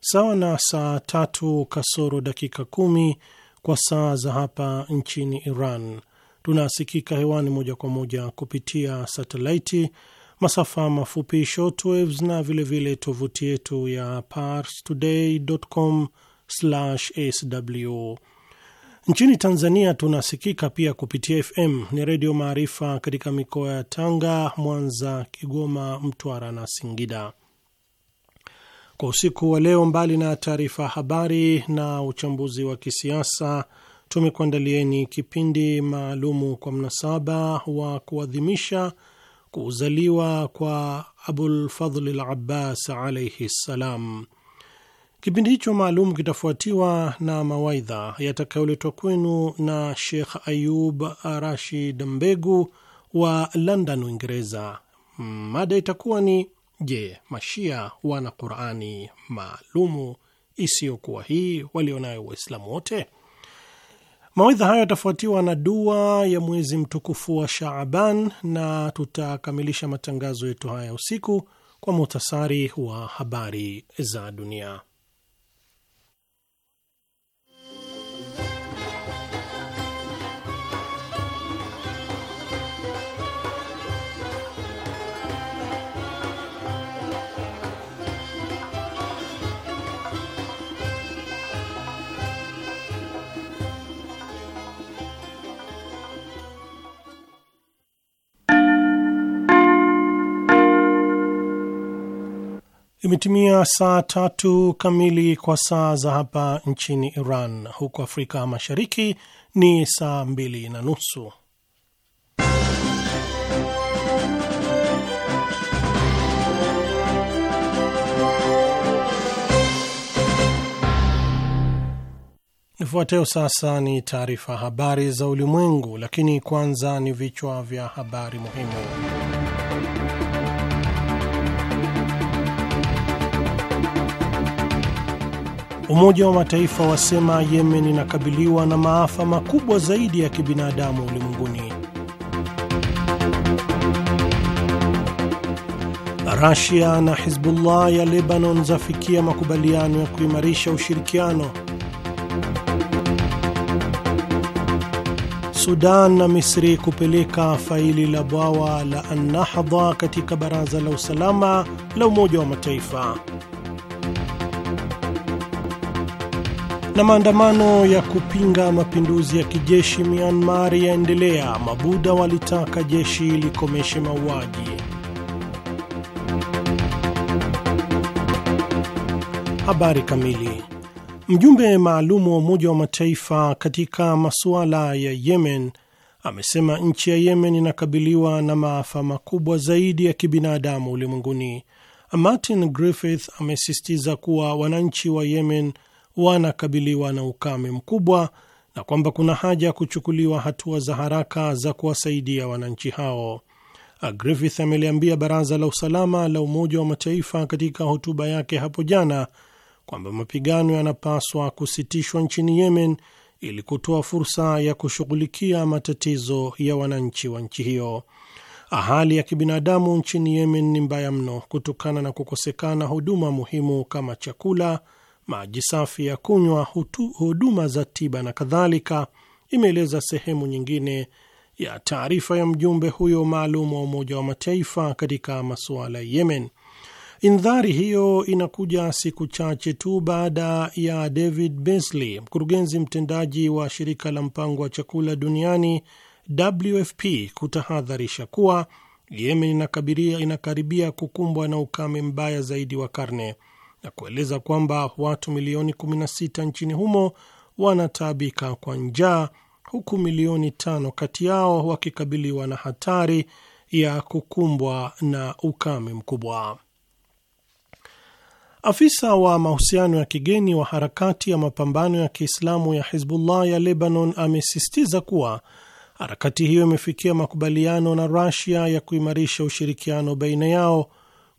sawa na saa tatu kasoro dakika kumi kwa saa za hapa nchini Iran. Tunasikika hewani moja kwa moja kupitia satelaiti, masafa mafupi shortwaves, na vilevile tovuti yetu ya parstoday.com/sw. Nchini Tanzania tunasikika pia kupitia FM ni Redio Maarifa katika mikoa ya Tanga, Mwanza, Kigoma, Mtwara na Singida. Kwa usiku wa leo, mbali na taarifa habari na uchambuzi wa kisiasa, tumekuandalieni kipindi maalumu kwa mnasaba wa kuadhimisha kuzaliwa kwa Abulfadhli l Abbas alaihi ssalam. Kipindi hicho maalum kitafuatiwa na mawaidha yatakayoletwa kwenu na Shekh Ayub Rashid Mbegu wa London, Uingereza. Mada itakuwa ni Je, Mashia wana Qurani maalumu isiyokuwa hii walionayo Waislamu wote? Mawaidha hayo yatafuatiwa na dua ya mwezi mtukufu wa Shaaban na tutakamilisha matangazo yetu haya usiku kwa muhtasari wa habari za dunia. Imetimia saa tatu kamili kwa saa za hapa nchini Iran, huku Afrika Mashariki ni saa mbili na nusu. Ifuatayo sasa ni taarifa habari za ulimwengu, lakini kwanza ni vichwa vya habari muhimu. Umoja wa Mataifa wasema Yemen inakabiliwa na maafa makubwa zaidi ya kibinadamu ulimwenguni. Rasia na Hizbullah ya Lebanon zafikia makubaliano ya kuimarisha ushirikiano. Sudan na Misri kupeleka faili la bwawa la Annahdha katika Baraza la Usalama la Umoja wa Mataifa. Na maandamano ya kupinga mapinduzi ya kijeshi Myanmar yaendelea. Mabuda walitaka jeshi likomeshe mauaji. Habari kamili. Mjumbe maalum wa Umoja wa Mataifa katika masuala ya Yemen amesema nchi ya Yemen inakabiliwa na maafa makubwa zaidi ya kibinadamu ulimwenguni. Martin Griffith amesisitiza kuwa wananchi wa Yemen wanakabiliwa na ukame mkubwa na kwamba kuna haja ya kuchukuliwa hatua za haraka za kuwasaidia wananchi hao. Griffith ameliambia Baraza la Usalama la Umoja wa Mataifa katika hotuba yake hapo jana kwamba mapigano yanapaswa kusitishwa nchini Yemen ili kutoa fursa ya kushughulikia matatizo ya wananchi wa nchi hiyo. Hali ya kibinadamu nchini Yemen ni mbaya mno kutokana na kukosekana huduma muhimu kama chakula, maji safi ya kunywa, huduma za tiba na kadhalika, imeeleza sehemu nyingine ya taarifa ya mjumbe huyo maalum wa Umoja wa Mataifa katika masuala ya Yemen. Indhari hiyo inakuja siku chache tu baada ya David Beasley, mkurugenzi mtendaji wa shirika la mpango wa chakula duniani WFP, kutahadharisha kuwa Yemen inakaribia kukumbwa na ukame mbaya zaidi wa karne na kueleza kwamba watu milioni 16 nchini humo wanataabika kwa njaa huku milioni tano kati yao wakikabiliwa na hatari ya kukumbwa na ukame mkubwa. Afisa wa mahusiano ya kigeni wa harakati ya mapambano ya Kiislamu ya Hizbullah ya Lebanon amesisitiza kuwa harakati hiyo imefikia makubaliano na rasia ya kuimarisha ushirikiano baina yao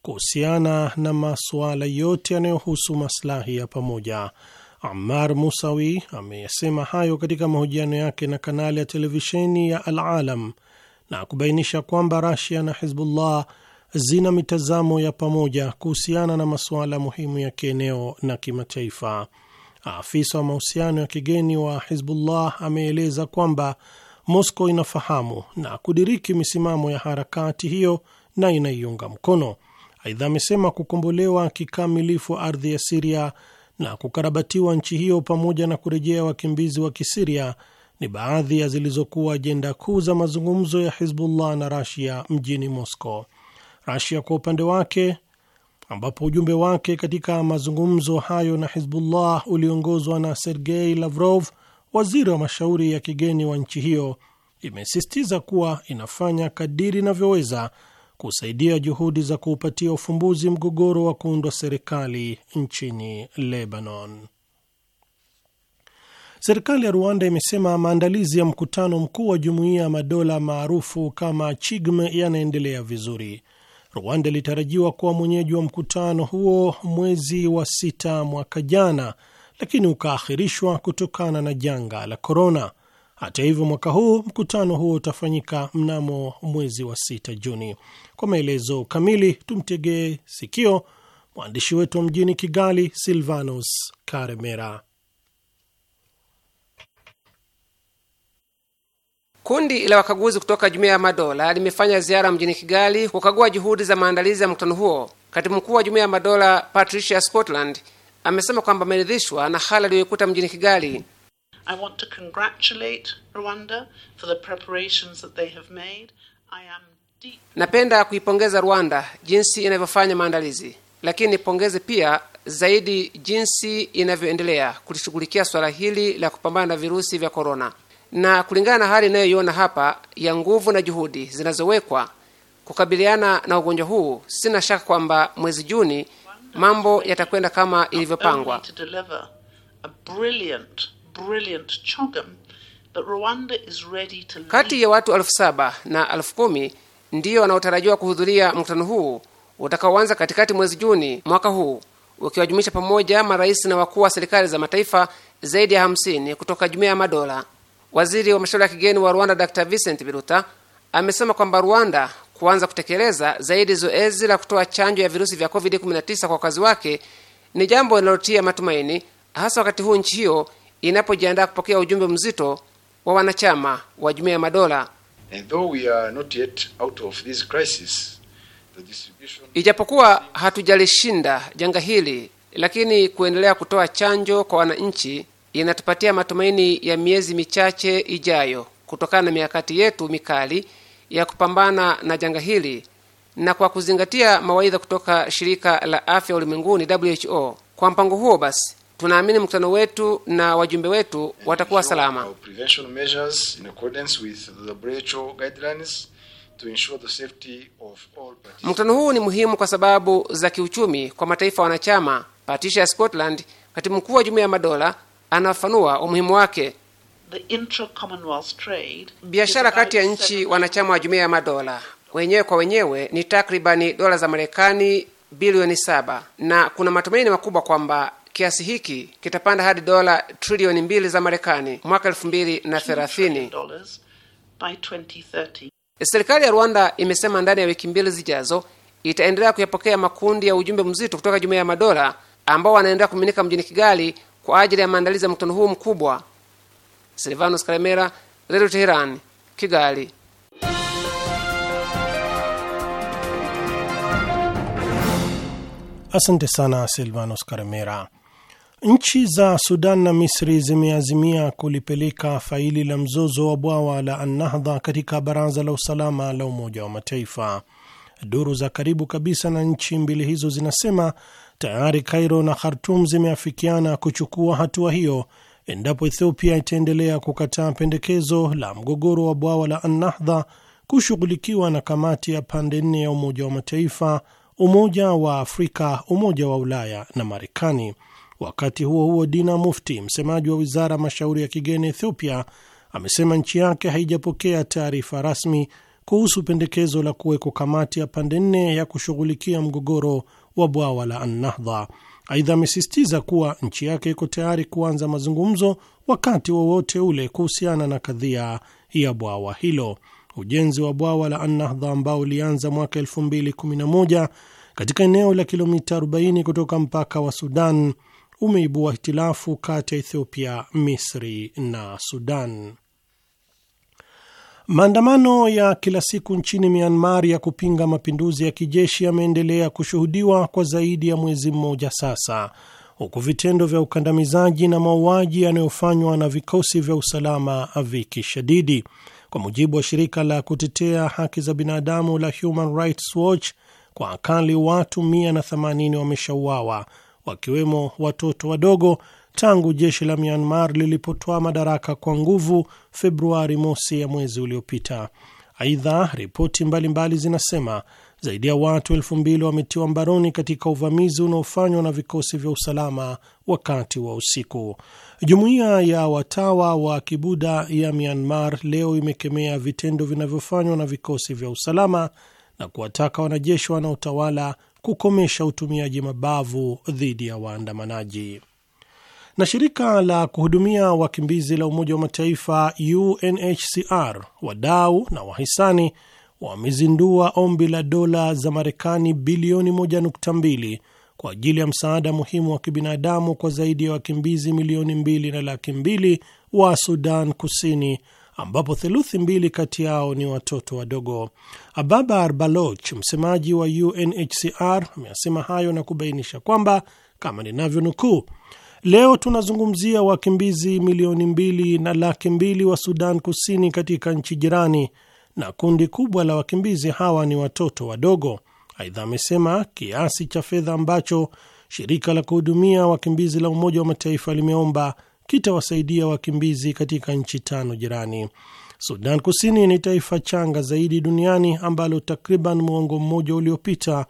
kuhusiana na masuala yote yanayohusu maslahi ya pamoja. Ammar Musawi ameyasema hayo katika mahojiano yake na kanali ya televisheni ya Al Alam na kubainisha kwamba Rasia na Hizbullah zina mitazamo ya pamoja kuhusiana na masuala muhimu ya kieneo na kimataifa. Afisa wa mahusiano ya kigeni wa Hizbullah ameeleza kwamba Moscow inafahamu na kudiriki misimamo ya harakati hiyo na inaiunga mkono. Aidha amesema kukombolewa kikamilifu ardhi ya Siria na kukarabatiwa nchi hiyo pamoja na kurejea wakimbizi wa Kisiria ni baadhi ya zilizokuwa ajenda kuu za mazungumzo ya Hizbullah na Rasia mjini Moscow. Rasia kwa upande wake, ambapo ujumbe wake katika mazungumzo hayo na Hizbullah uliongozwa na Sergei Lavrov, waziri wa mashauri ya kigeni wa nchi hiyo, imesisitiza kuwa inafanya kadiri inavyoweza kusaidia juhudi za kuupatia ufumbuzi mgogoro wa kuundwa serikali nchini Lebanon. Serikali ya Rwanda imesema maandalizi ya mkutano mkuu wa jumuiya ya madola maarufu kama CHIGM yanaendelea vizuri. Rwanda ilitarajiwa kuwa mwenyeji wa mkutano huo mwezi wa sita mwaka jana, lakini ukaahirishwa kutokana na janga la korona. Hata hivyo, mwaka huu mkutano huo utafanyika mnamo mwezi wa sita Juni. Kwa maelezo kamili, tumtegee sikio mwandishi wetu wa mjini Kigali, silvanus Karemera. Kundi la wakaguzi kutoka Jumuiya ya Madola limefanya ziara mjini Kigali kukagua juhudi za maandalizi ya mkutano huo. Katibu mkuu wa Jumuiya ya Madola Patricia Scotland amesema kwamba ameridhishwa na hali aliyoikuta mjini Kigali I want to congratulate Rwanda for the preparations that they have made. I am deep... Napenda kuipongeza Rwanda jinsi inavyofanya maandalizi, lakini nipongeze pia zaidi jinsi inavyoendelea kulishughulikia swala hili la kupambana na virusi vya korona, na kulingana na hali inayoiona hapa ya nguvu na juhudi zinazowekwa kukabiliana na ugonjwa huu, sina shaka kwamba mwezi Juni mambo yatakwenda kama ilivyopangwa brilliant but Rwanda is ready to kati ya watu elfu saba na elfu kumi ndiyo wanaotarajiwa kuhudhuria mkutano huu utakaoanza katikati mwezi Juni mwaka huu ukiwajumuisha pamoja marais na wakuu wa serikali za mataifa zaidi ya 50 kutoka jumuiya ya madola. Waziri wa mashauri ya kigeni wa Rwanda Dr Vincent Biruta amesema kwamba Rwanda kuanza kutekeleza zaidi zoezi la kutoa chanjo ya virusi vya COVID-19 kwa wakazi wake ni jambo linalotia matumaini, hasa wakati huu nchi hiyo inapojiandaa kupokea ujumbe mzito wa wanachama wa Jumuiya ya Madola. Ijapokuwa hatujalishinda janga hili, lakini kuendelea kutoa chanjo kwa wananchi inatupatia matumaini ya miezi michache ijayo, kutokana na mikakati yetu mikali ya kupambana na janga hili na kwa kuzingatia mawaidha kutoka shirika la afya ulimwenguni WHO. Kwa mpango huo basi Tunaamini mkutano wetu na wajumbe wetu watakuwa salama. Mkutano huu ni muhimu kwa sababu za kiuchumi kwa mataifa wanachama. Patricia Scotland, katibu mkuu wa Jumuiya ya Madola, anafafanua umuhimu wake. Biashara kati ya nchi wanachama wa Jumuiya ya Madola wenyewe kwa wenyewe ni takribani dola za Marekani bilioni saba na kuna matumaini makubwa kwamba Kiasi hiki kitapanda hadi dola trilioni mbili za Marekani mwaka elfu mbili na thelathini. Serikali ya Rwanda imesema ndani ya wiki mbili zijazo itaendelea kuyapokea makundi ya ujumbe mzito kutoka Jumuiya ya Madola ambao wanaendelea kuminika mjini Kigali kwa ajili ya maandalizi ya mkutano huu mkubwa. Silvanos Karemera, Redio Teheran, Kigali. Asante sana Silvanos Karemera. Nchi za Sudan na Misri zimeazimia kulipeleka faili la mzozo wa bwawa la Annahdha katika Baraza la Usalama la Umoja wa Mataifa. Duru za karibu kabisa na nchi mbili hizo zinasema tayari Cairo na Khartum zimeafikiana kuchukua hatua hiyo endapo Ethiopia itaendelea kukataa pendekezo la mgogoro wa bwawa la Annahdha kushughulikiwa na kamati ya pande nne ya Umoja wa Mataifa, Umoja wa Afrika, Umoja wa Ulaya na Marekani. Wakati huo huo, Dina Mufti, msemaji wa wizara ya mashauri ya kigeni Ethiopia, amesema nchi yake haijapokea taarifa rasmi kuhusu pendekezo la kuwekwa kamati ya pande nne ya kushughulikia mgogoro wa bwawa la Annahdha. Aidha, amesisitiza kuwa nchi yake iko tayari kuanza mazungumzo wakati wowote wa ule kuhusiana na kadhia ya bwawa hilo. Ujenzi wa bwawa la Annahdha ambao ulianza mwaka 2011 katika eneo la kilomita 40 kutoka mpaka wa Sudan umeibua hitilafu kati ya Ethiopia, Misri na Sudan. Maandamano ya kila siku nchini Myanmar ya kupinga mapinduzi ya kijeshi yameendelea kushuhudiwa kwa zaidi ya mwezi mmoja sasa, huku vitendo vya ukandamizaji na mauaji yanayofanywa na vikosi vya usalama vikishadidi. Kwa mujibu wa shirika la kutetea haki za binadamu la Human Rights Watch, kwa akali watu 180 wameshauawa wakiwemo watoto wadogo tangu jeshi la Myanmar lilipotoa madaraka kwa nguvu Februari mosi ya mwezi uliopita. Aidha, ripoti mbalimbali zinasema zaidi ya watu elfu mbili wametiwa mbaroni katika uvamizi unaofanywa na vikosi vya usalama wakati wa usiku. Jumuiya ya watawa wa kibuda ya Myanmar leo imekemea vitendo vinavyofanywa na vikosi vya usalama na kuwataka wanajeshi wanaotawala kukomesha utumiaji mabavu dhidi ya waandamanaji. Na shirika la kuhudumia wakimbizi la Umoja wa Mataifa UNHCR, wadau na wahisani wamezindua ombi la dola za Marekani bilioni 1.2 kwa ajili ya msaada muhimu wa kibinadamu kwa zaidi ya wakimbizi milioni mbili na laki mbili wa Sudan Kusini ambapo theluthi mbili kati yao ni watoto wadogo. Ababar Baloch, msemaji wa UNHCR, ameasema hayo na kubainisha kwamba kama ninavyonukuu, leo tunazungumzia wakimbizi milioni mbili na laki mbili wa Sudan Kusini katika nchi jirani, na kundi kubwa la wakimbizi hawa ni watoto wadogo. Aidha amesema kiasi cha fedha ambacho shirika la kuhudumia wakimbizi la Umoja wa Mataifa limeomba kitawasaidia wakimbizi katika nchi tano jirani. Sudan Kusini ni taifa changa zaidi duniani ambalo takriban muongo mmoja uliopita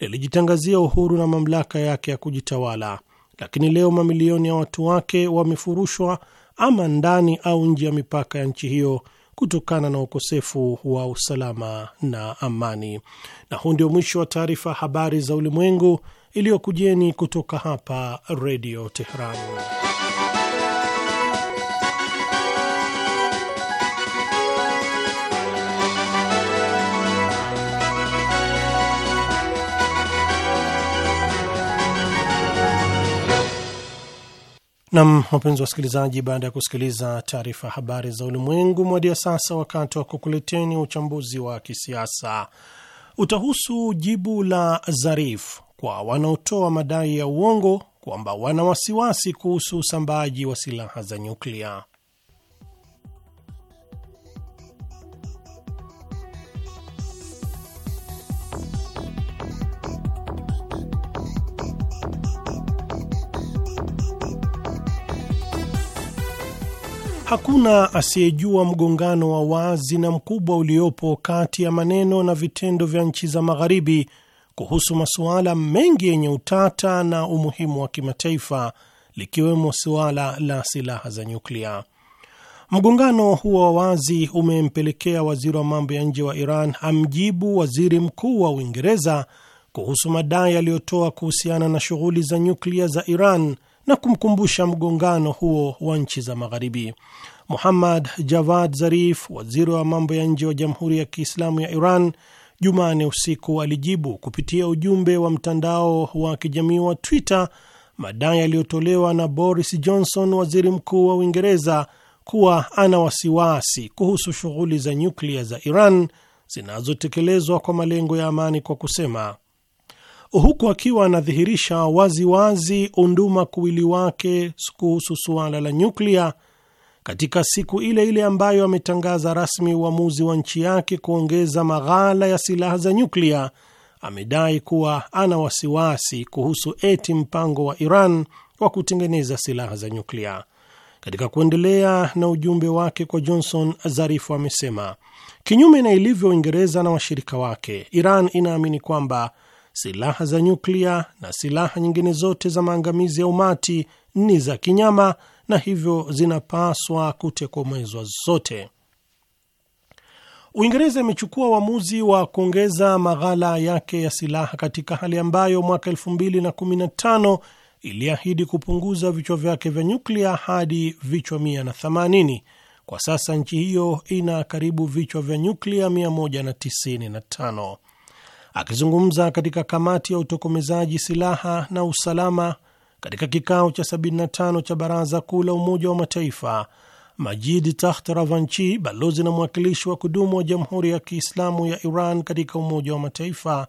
lilijitangazia uhuru na mamlaka yake ya kujitawala, lakini leo mamilioni ya watu wake wamefurushwa ama ndani au nje ya mipaka ya nchi hiyo kutokana na ukosefu wa usalama na amani. Na huu ndio mwisho wa taarifa habari za ulimwengu iliyokujeni kutoka hapa Redio Teherani. Nam, wapenzi wasikilizaji, baada ya kusikiliza taarifa ya habari za ulimwengu, mwadia sasa wakati wa kukuleteni uchambuzi wa kisiasa. Utahusu jibu la Zarif kwa wanaotoa madai ya uongo kwamba wana wasiwasi kuhusu usambaaji wa silaha za nyuklia. Hakuna asiyejua mgongano wa wazi na mkubwa uliopo kati ya maneno na vitendo vya nchi za Magharibi kuhusu masuala mengi yenye utata na umuhimu wa kimataifa, likiwemo suala la silaha za nyuklia. Mgongano huo wa wazi umempelekea waziri wa mambo ya nje wa Iran amjibu waziri mkuu wa Uingereza kuhusu madai aliyotoa kuhusiana na shughuli za nyuklia za Iran na kumkumbusha mgongano huo wa nchi za Magharibi. Muhammad Javad Zarif, waziri wa mambo ya nje wa Jamhuri ya Kiislamu ya Iran, Jumane usiku alijibu kupitia ujumbe wa mtandao wa kijamii wa Twitter madai yaliyotolewa na Boris Johnson, waziri mkuu wa Uingereza, kuwa ana wasiwasi kuhusu shughuli za nyuklia za Iran zinazotekelezwa kwa malengo ya amani kwa kusema huku akiwa anadhihirisha waziwazi unduma kuwili wake kuhusu suala la nyuklia katika siku ile ile ambayo ametangaza rasmi uamuzi wa nchi yake kuongeza maghala ya silaha za nyuklia, amedai kuwa ana wasiwasi kuhusu eti mpango wa Iran wa kutengeneza silaha za nyuklia. Katika kuendelea na ujumbe wake kwa Johnson, Zarifu amesema kinyume na ilivyo Uingereza na washirika wake, Iran inaamini kwamba silaha za nyuklia na silaha nyingine zote za maangamizi ya umati ni za kinyama na hivyo zinapaswa kutekomezwa zote. Uingereza imechukua uamuzi wa kuongeza maghala yake ya silaha katika hali ambayo mwaka 2015 iliahidi kupunguza vichwa vyake vya nyuklia hadi vichwa 180. Kwa sasa nchi hiyo ina karibu vichwa vya nyuklia 195. Akizungumza katika kamati ya utokomezaji silaha na usalama katika kikao cha 75 cha baraza kuu la Umoja wa Mataifa, Majid Takht Ravanchi, balozi na mwakilishi wa kudumu wa Jamhuri ya Kiislamu ya Iran katika Umoja wa Mataifa,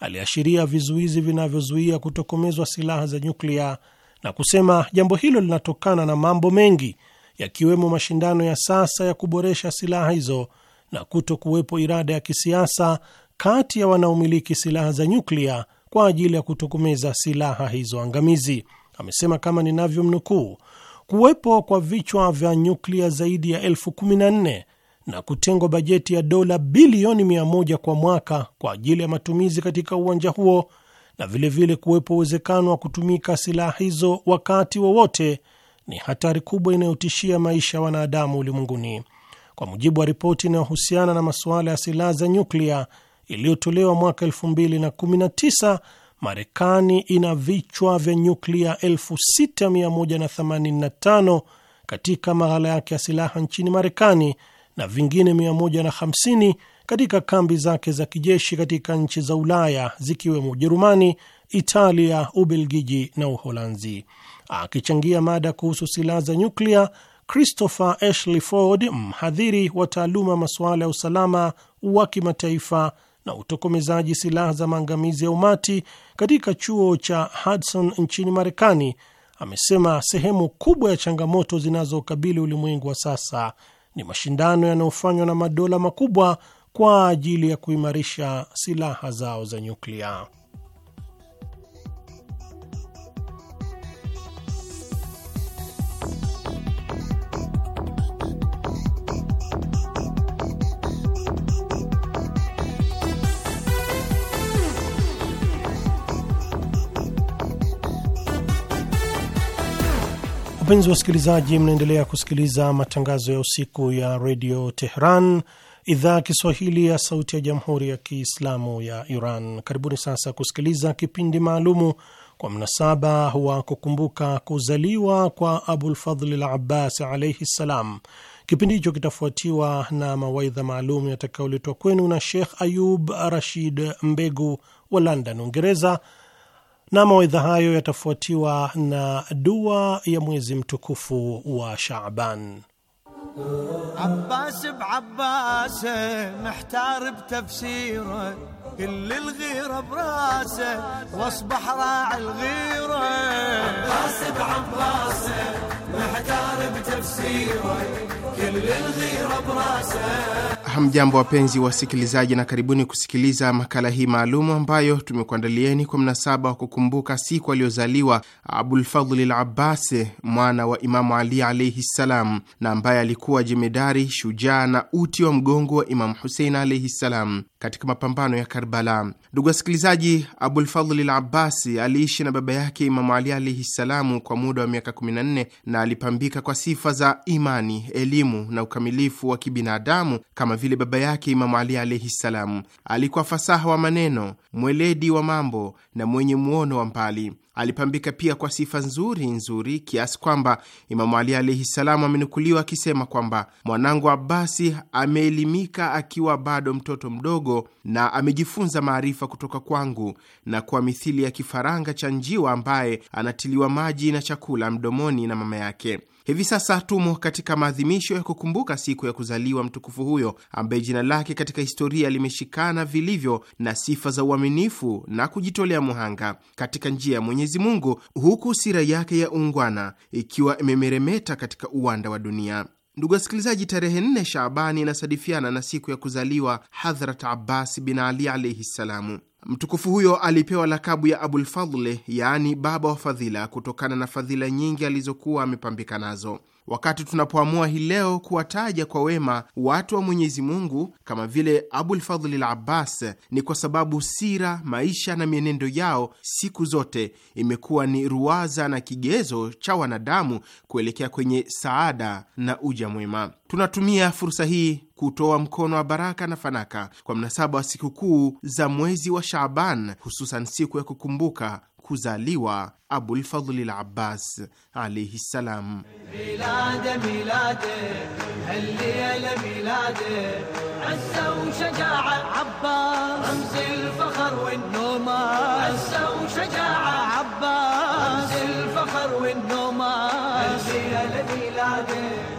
aliashiria vizuizi vinavyozuia kutokomezwa silaha za nyuklia na kusema jambo hilo linatokana na mambo mengi yakiwemo mashindano ya sasa ya kuboresha silaha hizo na kuto kuwepo irada ya kisiasa kati ya wanaomiliki silaha za nyuklia kwa ajili ya kutokomeza silaha hizo angamizi. Amesema kama ninavyomnukuu, kuwepo kwa vichwa vya nyuklia zaidi ya elfu kumi na nne na kutengwa bajeti ya dola bilioni mia moja kwa mwaka kwa ajili ya matumizi katika uwanja huo na vilevile kuwepo uwezekano wa kutumika silaha hizo wakati wowote wa ni hatari kubwa inayotishia maisha ya wanadamu ulimwenguni. Kwa mujibu wa ripoti inayohusiana na masuala ya silaha za nyuklia iliyotolewa mwaka 2019, Marekani ina vichwa vya nyuklia 6185 katika maghala yake ya silaha nchini Marekani na vingine 150 katika kambi zake za kijeshi katika nchi za Ulaya zikiwemo Ujerumani, Italia, Ubelgiji na Uholanzi. Akichangia mada kuhusu silaha za nyuklia, Christopher Ashley Ford, mhadhiri wa taaluma masuala ya usalama wa kimataifa na utokomezaji silaha za maangamizi ya umati katika chuo cha Hudson nchini Marekani amesema sehemu kubwa ya changamoto zinazokabili ulimwengu wa sasa ni mashindano yanayofanywa na madola makubwa kwa ajili ya kuimarisha silaha zao za nyuklia. Wapenzi wasikilizaji, mnaendelea kusikiliza matangazo ya usiku ya redio Tehran, idhaa ya Kiswahili ya sauti ya jamhuri ya Kiislamu ya Iran. Karibuni sasa kusikiliza kipindi maalumu kwa mnasaba wa kukumbuka kuzaliwa kwa Abulfadli l Abbas alaihi ssalam. Kipindi hicho kitafuatiwa na mawaidha maalum yatakayoletwa kwenu na Sheikh Ayub Rashid Mbegu wa London, Uingereza na mawaidha hayo yatafuatiwa na dua ya mwezi mtukufu wa Shaaban. عباس بعباسه محتار بتفسيره كل الغيرة براسه واصبح راعي الغيرة عباس بعباسه محتار بتفسيره كل الغيرة براسه Hamjambo, wapenzi wasikilizaji, na karibuni kusikiliza makala hii maalumu ambayo tumekuandalieni kwa mnasaba wa kukumbuka siku aliyozaliwa Abulfadhli l Abbas, mwana wa Imamu Ali alaihi ssalam, na ambaye alikuwa jemedari, shujaa na uti wa mgongo wa Imamu Husein alaihi ssalam katika mapambano ya Karbala. Ndugu wasikilizaji, Abulfadhli Abbasi aliishi na baba yake Imamu Ali alaihi ssalamu kwa muda wa miaka 14 na alipambika kwa sifa za imani, elimu na ukamilifu wa kibinadamu kama vile baba yake Imamu Ali alaihi ssalamu. Alikuwa fasaha wa maneno, mweledi wa mambo na mwenye muono wa mbali. Alipambika pia kwa sifa nzuri nzuri kiasi kwamba Imamu Ali alaihi salamu amenukuliwa akisema kwamba mwanangu Abasi ameelimika akiwa bado mtoto mdogo na amejifunza maarifa kutoka kwangu, na kwa mithili ya kifaranga cha njiwa ambaye anatiliwa maji na chakula mdomoni na mama yake Hivi sasa tumo katika maadhimisho ya kukumbuka siku ya kuzaliwa mtukufu huyo ambaye jina lake katika historia limeshikana vilivyo na sifa za uaminifu na kujitolea muhanga katika njia ya Mwenyezi Mungu, huku sira yake ya ungwana ikiwa imemeremeta katika uwanda wa dunia. Ndugu wasikilizaji, tarehe nne Shaabani inasadifiana na siku ya kuzaliwa Hadhrat Abbas bin Ali alaihi ssalamu. Mtukufu huyo alipewa lakabu ya Abulfadli, yaani baba wa fadhila, kutokana na fadhila nyingi alizokuwa amepambika nazo wakati tunapoamua hii leo kuwataja kwa wema watu wa Mwenyezi Mungu kama vile Abulfadhlil Abbas, ni kwa sababu sira, maisha na mienendo yao siku zote imekuwa ni ruwaza na kigezo cha wanadamu kuelekea kwenye saada na uja mwema. Tunatumia fursa hii kutoa mkono wa baraka na fanaka kwa mnasaba wa sikukuu za mwezi wa Shaaban, hususan siku ya kukumbuka kuzaliwa Abulfadli al Abbas alaihi ssalam.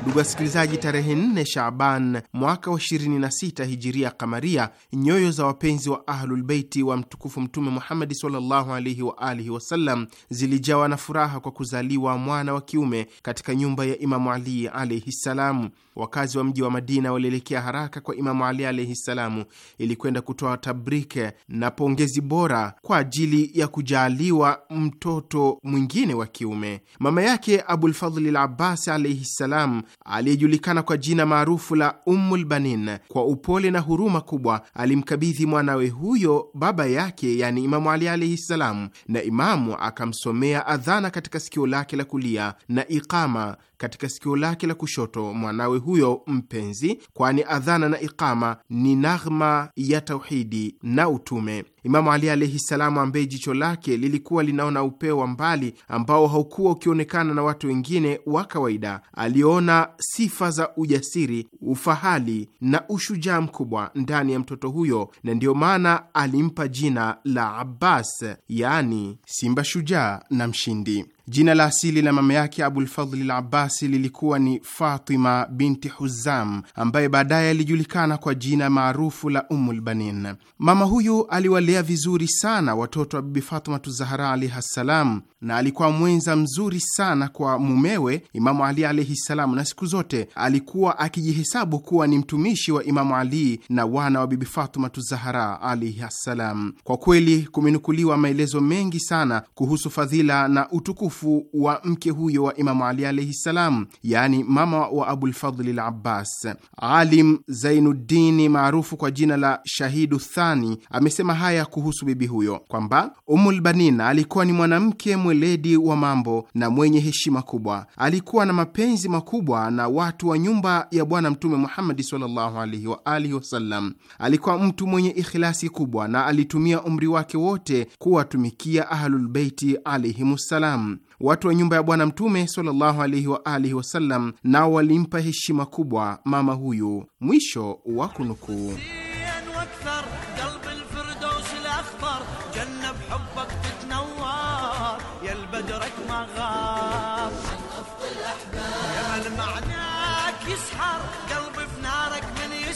Ndugu wasikilizaji, tarehe 4 Shaaban mwaka wa 26 hijiria kamaria, nyoyo za wapenzi wa Ahlulbeiti wa mtukufu Mtume Muhammadi sallallahu alaihi wa alihi wasallam zilijawa na furaha kwa kuzaliwa mwana wa kiume katika nyumba ya Imamu Ali alaihi ssalam wakazi wa mji wa Madina walielekea haraka kwa Imamu Ali alaihi ssalamu ili kwenda kutoa tabrike na pongezi bora kwa ajili ya kujaaliwa mtoto mwingine wa kiume. Mama yake Abulfadhli l Abbasi alaihi ssalam, aliyejulikana kwa jina maarufu la Ummulbanin, kwa upole na huruma kubwa alimkabidhi mwanawe huyo baba yake, yani Imamu Ali alaihi ssalam, na Imamu akamsomea adhana katika sikio lake la kulia na iqama katika sikio lake la kushoto mwanawe huyo mpenzi, kwani adhana na iqama ni naghma ya tauhidi na utume. Imamu Ali alaihi salamu, ambaye jicho lake lilikuwa linaona upeo wa mbali ambao haukuwa ukionekana na watu wengine wa kawaida, aliona sifa za ujasiri, ufahali na ushujaa mkubwa ndani ya mtoto huyo, na ndiyo maana alimpa jina la Abbas, yaani simba shujaa na mshindi. Jina la asili la mama yake Abulfadhli Labasi lilikuwa ni Fatima binti Huzam, ambaye baadaye alijulikana kwa jina maarufu la Ummulbanin. Mama huyu aliwalea vizuri sana watoto wa Bibi Fatimatu Zahara alaihi ssalam, na alikuwa mwenza mzuri sana kwa mumewe Imamu Ali alaihi salam, na siku zote alikuwa akijihesabu kuwa ni mtumishi wa Imamu Ali na wana wa Bibi Fatumatu Zahara alaihi salam. Kwa kweli kumenukuliwa maelezo mengi sana kuhusu fadhila na utukufu wa mke huyo wa Imamu Ali alaihi salam, yani mama wa Abulfadhli l Abbas. Alim Zainudini maarufu kwa jina la Shahidu Thani amesema haya kuhusu bibi huyo kwamba Umulbanina alikuwa ni mwanamke mweledi wa mambo na mwenye heshima kubwa. Alikuwa na mapenzi makubwa na watu wa nyumba ya Bwana Mtume Muhammadi sallallahu alaihi wa alihi wasallam. Alikuwa mtu mwenye ikhilasi kubwa na alitumia umri wake wote kuwatumikia Ahlulbeiti alaihimussalam. Watu wa nyumba ya Bwana Mtume sallallahu alaihi wa alihi wasallam nao walimpa heshima kubwa mama huyu. Mwisho wa kunukuu.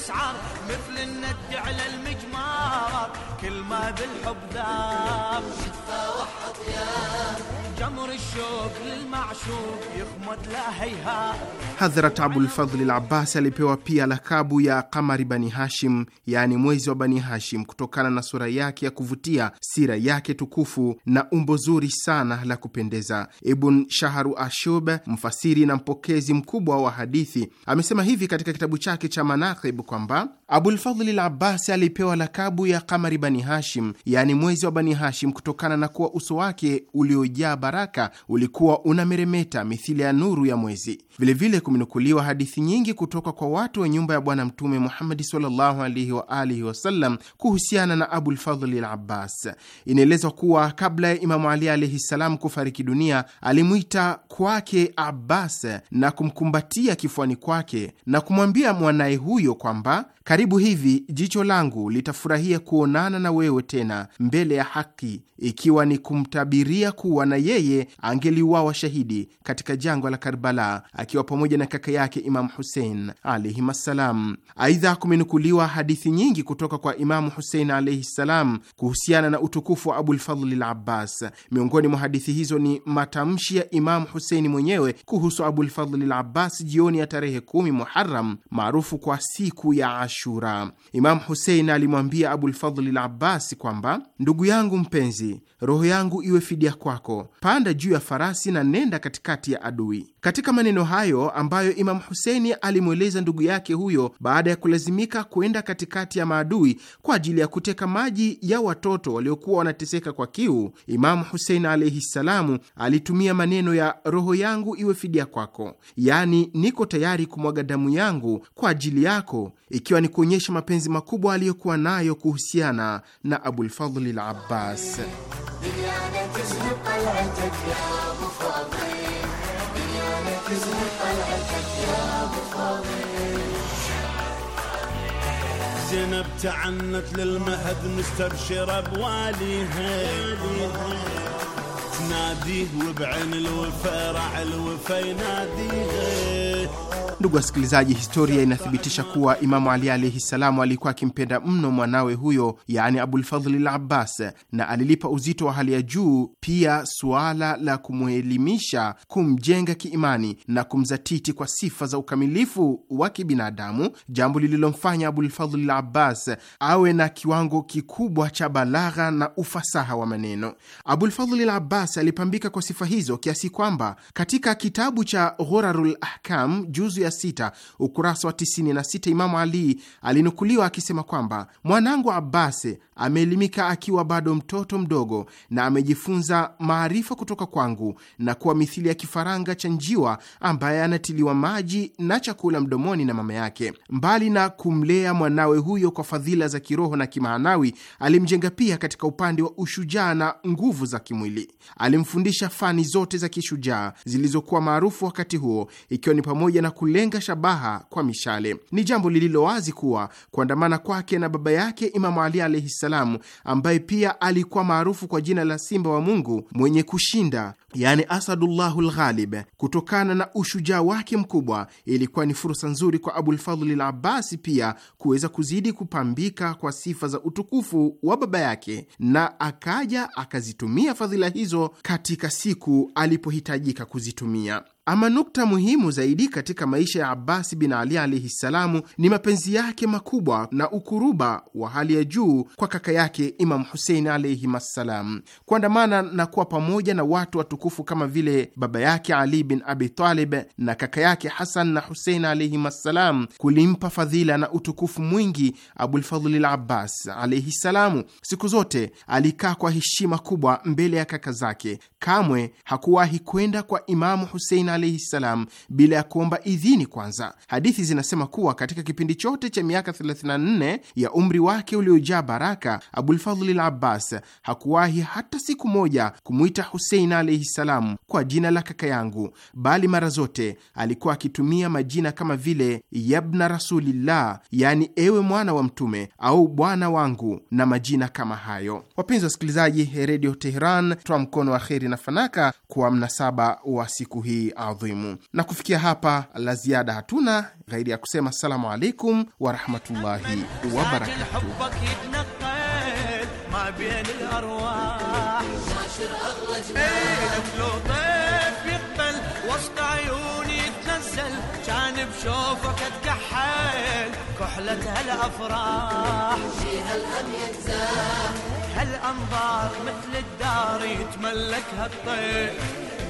打。مثل الند على المجمار كل ما بالحب ذاب شفا وحطياب جمر الشوق للمعشوق يخمد لا هيها Hadhrat Abul Fadhli al Abbas alipewa pia lakabu ya Kamari Bani Hashim, yaani mwezi wa Bani Hashim, kutokana na sura yake ya kuvutia, sira yake tukufu na umbo zuri sana la kupendeza. Ibn Shaharu Ashub, mfasiri na mpokezi mkubwa wa hadithi, amesema hivi katika kitabu chake cha Manaqib kwamba Abulfadhli l Abbasi alipewa lakabu ya Kamari Bani Hashim, yaani mwezi wa Bani Hashim, kutokana na kuwa uso wake uliojaa baraka ulikuwa unameremeta mithili ya nuru ya mwezi. Vilevile kumenukuliwa hadithi nyingi kutoka kwa watu wa nyumba ya Bwana Mtume Muhammadi sallallahu alaihi wa alihi wasallam kuhusiana na Abulfadhli l Abbas. Inaelezwa kuwa kabla ya Imamu Ali alaihi ssalam kufariki dunia, alimwita kwake Abbas na kumkumbatia kifuani kwake na kumwambia mwanaye huyo kwamba karibu hivi jicho langu litafurahia kuonana na wewe tena mbele ya haki, ikiwa ni kumtabiria kuwa na yeye angeliuawa shahidi katika jangwa la Karbala akiwa pamoja na kaka yake Imamu Husein alaihim assalam. Aidha, kumenukuliwa hadithi nyingi kutoka kwa Imamu Husein alaihi ssalam kuhusiana na utukufu wa Abulfadhli l Abbas. Miongoni mwa hadithi hizo ni matamshi ya Imamu Huseini mwenyewe kuhusu Abulfadhli l Abbas jioni ya tarehe kumi Muharam maarufu kwa siku ya Ashu. Ashura. Imamu Husein alimwambia Abulfadhli l Abbasi kwamba ndugu yangu mpenzi, roho yangu iwe fidia kwako, panda juu ya farasi na nenda katikati ya adui. Katika maneno hayo ambayo Imamu Huseini alimweleza ndugu yake huyo baada ya kulazimika kuenda katikati ya maadui kwa ajili ya kuteka maji ya watoto waliokuwa wanateseka kwa kiu, Imamu Husein alaihi ssalamu alitumia maneno ya roho yangu iwe fidia kwako, yaani niko tayari kumwaga damu yangu kwa ajili yako, ikiwa ni kuonyesha mapenzi makubwa aliyokuwa nayo kuhusiana na Abulfadhlil Abbas. تزهي طلعتك يا ابو فاضل دنيانا تزهي طلعتك يا ابو فاضل زينب تعنت للمهد مستبشرة بواليها تناديه وبعين الوفا رع الوفا يناديه Ndugu wasikilizaji, historia inathibitisha kuwa Imamu Ali alaihi salamu alikuwa akimpenda mno mwanawe huyo, yaani Abulfadhlil Abbas, na alilipa uzito wa hali ya juu pia suala la kumwelimisha, kumjenga kiimani na kumzatiti kwa sifa za ukamilifu wa kibinadamu, jambo lililomfanya Abulfadhlil Abbas awe na kiwango kikubwa cha balagha na ufasaha wa maneno. Abulfadhlil Abbas alipambika kwa sifa hizo kiasi kwamba katika kitabu cha Ghurarul Ahkam juzu ya 6 ukurasa wa 96, Imamu Ali alinukuliwa akisema kwamba mwanangu abbas ameelimika akiwa bado mtoto mdogo na amejifunza maarifa kutoka kwangu na kuwa mithili ya kifaranga cha njiwa ambaye anatiliwa maji na chakula mdomoni na mama yake. Mbali na kumlea mwanawe huyo kwa fadhila za kiroho na kimaanawi, alimjenga pia katika upande wa ushujaa na nguvu za kimwili. Alimfundisha fani zote za kishujaa zilizokuwa maarufu wakati huo, ikiwa ni pamoja na kule kulenga shabaha kwa mishale. Ni jambo lililo wazi kuwa kuandamana kwake na baba yake Imamu Ali alaihi ssalamu, ambaye pia alikuwa maarufu kwa jina la Simba wa Mungu mwenye kushinda, yani Asadullahu lghalib kutokana na ushujaa wake mkubwa, ilikuwa ni fursa nzuri kwa Abulfadhli l Abasi pia kuweza kuzidi kupambika kwa sifa za utukufu wa baba yake, na akaja akazitumia fadhila hizo katika siku alipohitajika kuzitumia. Ama nukta muhimu zaidi katika maisha ya Abbasi bin Ali alaihi ssalamu ni mapenzi yake makubwa na ukuruba wa hali ya juu kwa kaka yake Imamu Husein alaihim assalam, kuandamana na kuwa pamoja na watu watukufu kama vile baba yake Ali bin Abi Talib na kaka yake Hasan na Husein alaihim assalam kulimpa fadhila na utukufu mwingi. Abulfadhlil Abbas alaihi ssalamu siku zote alikaa kwa heshima kubwa mbele ya kaka zake, kamwe hakuwahi kwenda kwa Imamu Husein alaihi ssalam bila ya kuomba idhini kwanza. Hadithi zinasema kuwa katika kipindi chote cha miaka 34 ya umri wake uliojaa baraka, Abulfadhli l Abbas hakuwahi hata siku moja kumwita Husein alaihi ssalam kwa jina la kaka yangu, bali mara zote alikuwa akitumia majina kama vile yabna rasulillah, yani ewe mwana wa Mtume au bwana wangu, na majina kama hayo. Wapenzi wasikilizaji, Redio Teheran toa mkono wa kheri na fanaka kwa mnasaba wa siku hii. adhimu. Na kufikia hapa, la ziada hatuna ghairi ya kusema assalamu alaikum warahmatullahi wabarakatuh.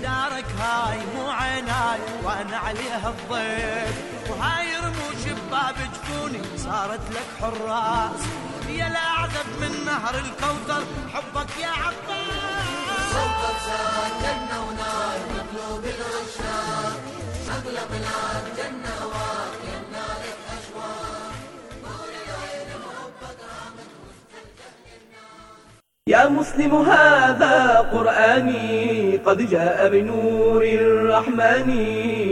دارك هاي مو عناي وانا عليها الضيف وهاي رموش بباب جفوني صارت لك حراس يا لا من نهر الكوثر حبك يا عباس صوتك سكننا ونار مقلوب الغشاش اغلب العالم يا مسلم هذا قرآني قد جاء بنور الرحمن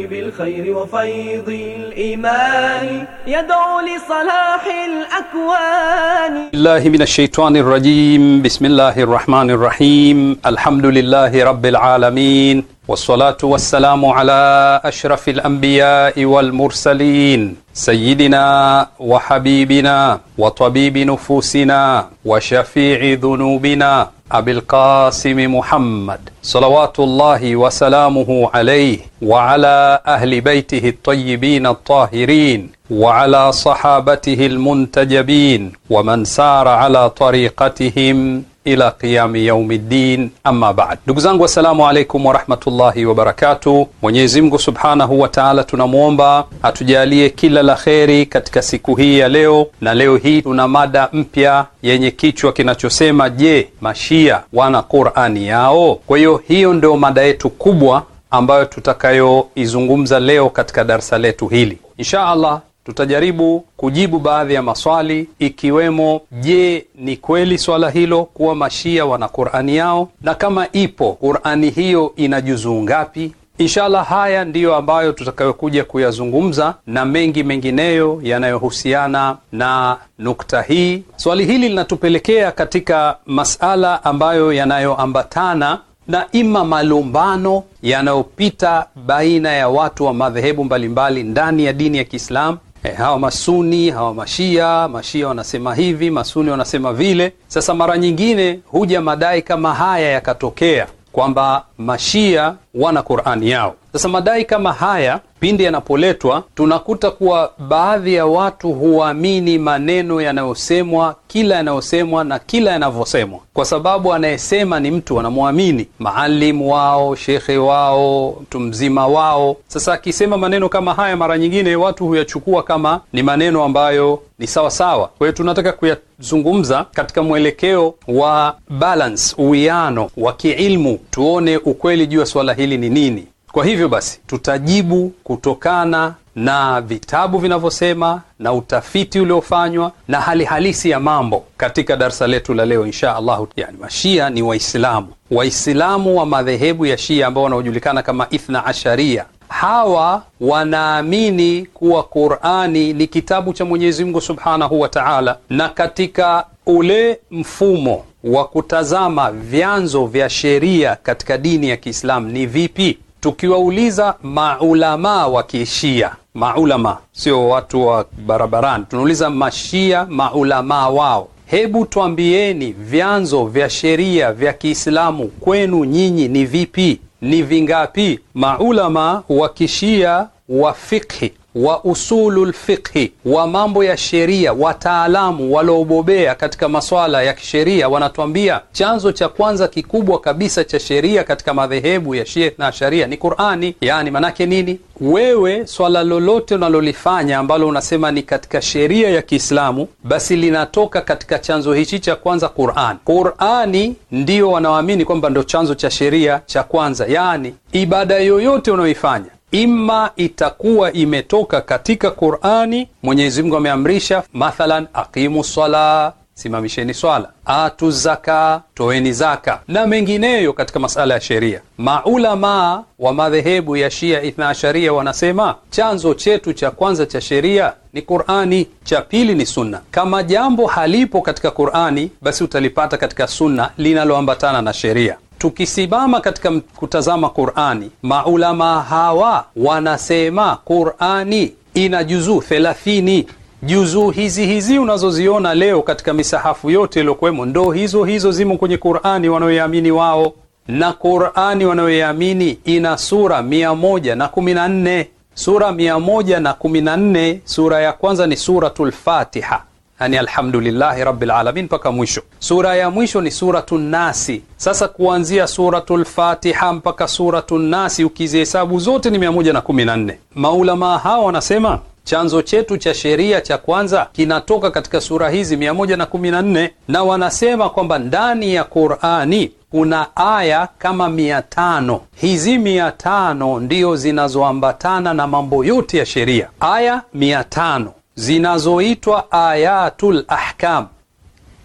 بالخير وفيض الإيمان يدعو لصلاح الأكوان الله من الشيطان الرجيم بسم الله الرحمن الرحيم الحمد لله رب العالمين والصلاة والسلام على أشرف الأنبياء والمرسلين سيدنا وحبيبنا وطبيب نفوسنا وشفيع ذنوبنا أبي القاسم محمد صلوات الله وسلامه عليه وعلى أهل بيته الطيبين الطاهرين وعلى صحابته المنتجبين ومن سار على طريقتهم ila qiyami yaumiddin, amma ba'd. Ndugu zangu, assalamu alaikum warahmatullahi wabarakatuh. Mwenyezi Mungu subhanahu wa taala tunamwomba atujalie kila la kheri katika siku hii ya leo. Na leo hii tuna mada mpya yenye kichwa kinachosema je, mashia wana Qur'ani yao? Kwa hiyo hiyo ndio mada yetu kubwa ambayo tutakayoizungumza leo katika darsa letu hili insha Allah tutajaribu kujibu baadhi ya maswali ikiwemo, je, ni kweli swala hilo kuwa mashia wana Qur'ani yao, na kama ipo Qur'ani hiyo ina juzuu ngapi? Inshallah, haya ndiyo ambayo tutakayokuja kuyazungumza na mengi mengineyo yanayohusiana na nukta hii. Swali hili linatupelekea katika masala ambayo yanayoambatana na ima malumbano yanayopita baina ya watu wa madhehebu mbalimbali ndani ya dini ya Kiislamu E, hawa masuni hawa mashia mashia wanasema hivi, masuni wanasema vile. Sasa mara nyingine huja madai kama haya yakatokea kwamba mashia wana Qur'ani yao. Sasa madai kama haya pindi yanapoletwa, tunakuta kuwa baadhi ya watu huamini maneno yanayosemwa, kila yanayosemwa na kila yanavyosemwa, kwa sababu anayesema ni mtu anamwamini maalimu wao, shekhe wao, mtu mzima wao. Sasa akisema maneno kama haya, mara nyingine watu huyachukua kama ni maneno ambayo ni sawa sawa. Kwa hiyo tunataka kuyazungumza katika mwelekeo wa balance, uwiano wa kiilmu, tuone ukweli juu ya suala hili ni nini. Kwa hivyo basi, tutajibu kutokana na vitabu vinavyosema na utafiti uliofanywa na hali halisi ya mambo katika darsa letu la leo insha Allahu. Yani, mashia ni Waislamu, Waislamu wa madhehebu ya Shia ambao wanaojulikana kama Ithna Asharia. Hawa wanaamini kuwa Qurani ni kitabu cha Mwenyezi Mungu subhanahu wa taala, na katika ule mfumo wa kutazama vyanzo vya sheria katika dini ya Kiislamu ni vipi? Tukiwauliza maulamaa wa Kishia, maulama sio watu wa barabarani, tunauliza mashia maulamaa wao, hebu twambieni vyanzo vya sheria vya Kiislamu kwenu nyinyi ni vipi? Ni vingapi? Maulama wa Kishia wa fikhi wa usulu lfiqhi, wa mambo ya sheria, wataalamu waliobobea katika maswala ya kisheria wanatuambia chanzo cha kwanza kikubwa kabisa cha sheria katika madhehebu ya Shia na sharia ni Qurani. Yani manake nini? Wewe swala lolote unalolifanya ambalo unasema ni katika sheria ya Kiislamu, basi linatoka katika chanzo hichi cha kwanza Qurani. Qurani ndiyo wanaoamini kwamba ndo chanzo cha sheria cha kwanza, yani ibada yoyote unaoifanya imma itakuwa imetoka katika Qur'ani. Mwenyezi Mungu ameamrisha mathalan, aqimu sala, simamisheni swala, atu zaka, toeni zaka na mengineyo katika masala ya sheria. Maulamaa wa madhehebu ya Shia Ithna Asharia wanasema chanzo chetu cha kwanza cha sheria ni Qur'ani, cha pili ni Sunna. Kama jambo halipo katika Qur'ani, basi utalipata katika Sunna linaloambatana na sheria. Tukisimama katika kutazama Qurani, maulama hawa wanasema Qurani ina juzuu thelathini. Juzuu hizi hizi unazoziona leo katika misahafu yote iliyokuwemo ndo hizo hizo zimo kwenye Qurani wanayoiamini wao, na Qurani wanayoiamini ina sura mia moja na kumi na nne sura mia moja na kumi na nne Sura ya kwanza ni Suratul Fatiha. Yani alhamdulillahi rabbil alamin mpaka mwisho. Sura ya mwisho ni suratu Nasi. Sasa kuanzia suratu lfatiha mpaka suratu Nasi, ukizihesabu zote ni 11 Maulamaa hawa wanasema chanzo chetu cha sheria cha kwanza kinatoka katika sura hizi 114, na wanasema kwamba ndani ya Qur'ani kuna aya kama mia tano. Hizi mia tano ndiyo zinazoambatana na mambo yote ya sheria, aya mia tano zinazoitwa ayatul ahkam.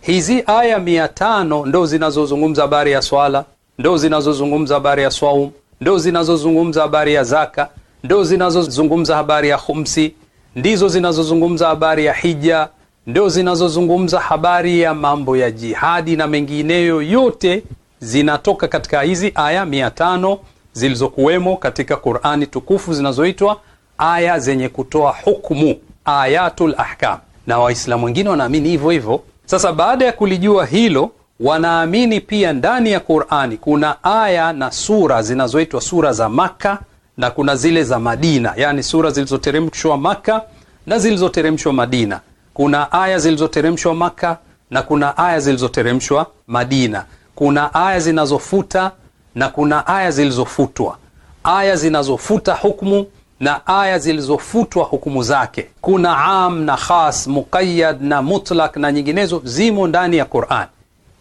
Hizi aya mia tano ndo zinazozungumza habari ya swala, ndo zinazozungumza habari ya swaum, ndo zinazozungumza habari ya zaka, ndo zinazozungumza habari ya khumsi, ndizo zinazozungumza habari ya hija, ndo zinazozungumza habari ya mambo ya jihadi na mengineyo yote zinatoka katika hizi aya mia tano zilizokuwemo katika Qur'ani tukufu zinazoitwa aya zenye kutoa hukumu ayatul ahkam, na Waislamu wengine wanaamini hivyo hivyo. Sasa baada ya kulijua hilo, wanaamini pia ndani ya Qur'ani kuna aya na sura zinazoitwa sura za Maka na kuna zile za Madina, yani sura zilizoteremshwa Maka na zilizoteremshwa Madina. Kuna aya zilizoteremshwa Maka na kuna aya zilizoteremshwa Madina. Kuna aya zinazofuta na kuna aya zilizofutwa, aya zinazofuta hukumu na aya zilizofutwa hukumu zake. Kuna am na khas, muqayyad na mutlak na nyinginezo zimo ndani ya Qur'an.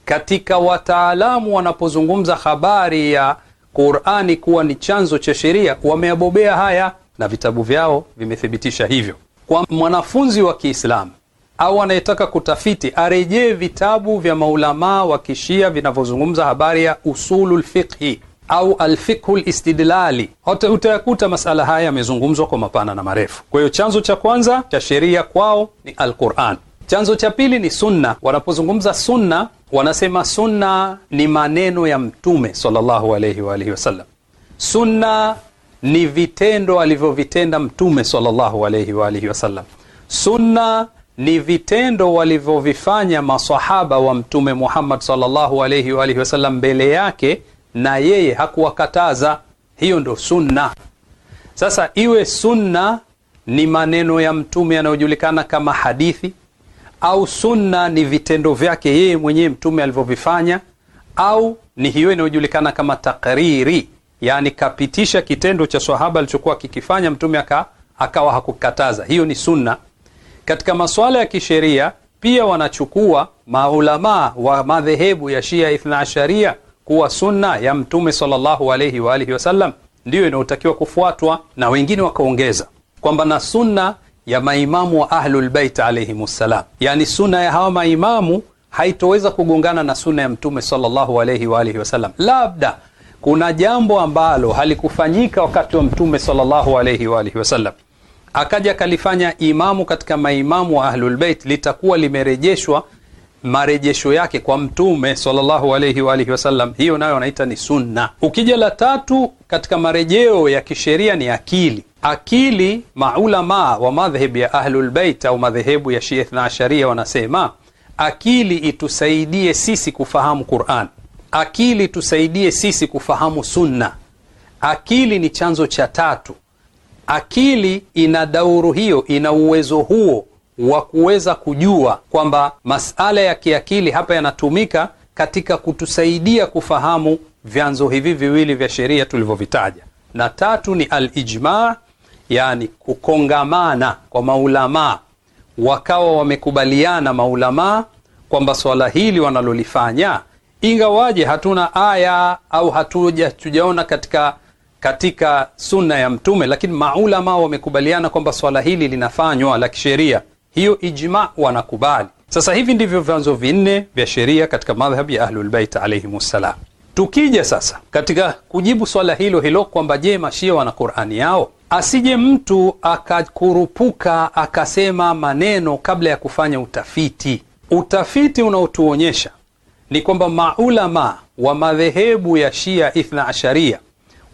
Katika wataalamu wanapozungumza habari ya Qur'ani kuwa ni chanzo cha sheria, wameabobea haya na vitabu vyao vimethibitisha hivyo. Kwa mwanafunzi wa Kiislamu au anayetaka kutafiti, arejee vitabu vya maulamaa wa Kishia vinavyozungumza habari ya usulul fiqhi au alfikhu listidlali utayakuta masala haya yamezungumzwa kwa mapana na marefu. Kwa hiyo chanzo cha kwanza cha sheria kwao ni Alquran. Chanzo cha pili ni sunna. Wanapozungumza sunna, wanasema sunna ni maneno ya Mtume sallallahu alayhi wa alihi wasallam. Sunna ni vitendo alivyovitenda Mtume sallallahu alayhi wa alihi wasallam. Sunna ni vitendo walivyovifanya masahaba wa Mtume Muhammad sallallahu alayhi wa alihi wasallam mbele yake na yeye hakuwakataza. Hiyo ndo sunna. Sasa iwe sunna ni maneno ya mtume yanayojulikana kama hadithi, au sunna ni vitendo vyake yeye mwenyewe mtume alivyovifanya, au ni hiyo inayojulikana kama takriri, yani kapitisha kitendo cha swahaba alichokuwa kikifanya mtume aka, akawa hakukataza. Hiyo ni sunna. Katika masuala ya kisheria pia wanachukua maulamaa wa madhehebu ya Shia Ithna Asharia kuwa sunna ya Mtume sallallahu alayhi wa alihi wasallam ndiyo inayotakiwa kufuatwa, na wengine wakaongeza kwamba na sunna ya maimamu wa Ahlulbeit alayhim ssalam, yani sunna ya hawa maimamu haitoweza kugongana na sunna ya Mtume sallallahu alayhi wa alihi wasallam. Labda kuna jambo ambalo halikufanyika wakati wa Mtume sallallahu alayhi wa alihi wasallam, akaja akalifanya imamu katika maimamu wa Ahlulbeit, litakuwa limerejeshwa marejesho yake kwa Mtume sallallahu alayhi wa alihi wasallam, hiyo nayo wanaita ni sunna. Ukija la tatu katika marejeo ya kisheria ni akili. Akili, maulamaa wa madhhebu ya Ahlulbeit au madhehebu ya Shia Ithna Asharia wanasema akili itusaidie sisi kufahamu Quran, akili tusaidie sisi kufahamu sunna. Akili ni chanzo cha tatu. Akili ina dauru hiyo, ina uwezo huo wa kuweza kujua kwamba masala ya kiakili hapa yanatumika katika kutusaidia kufahamu vyanzo hivi viwili vya sheria tulivyovitaja, na tatu ni alijma, yani kukongamana kwa maulamaa, wakawa wamekubaliana maulamaa kwamba swala hili wanalolifanya, ingawaje hatuna aya au tujaona katika katika sunna ya Mtume, lakini maulamaa wamekubaliana kwamba swala hili linafanywa la kisheria hiyo ijma wanakubali. Sasa hivi ndivyo vyanzo vinne vya sheria katika madhhabi ya Ahlulbeit alaihim ssalam. Tukija sasa katika kujibu swala hilo hilo kwamba je, mashia wana Qurani yao, asije mtu akakurupuka akasema maneno kabla ya kufanya utafiti. Utafiti unaotuonyesha ni kwamba maulama wa madhehebu ya Shia Ithna Asharia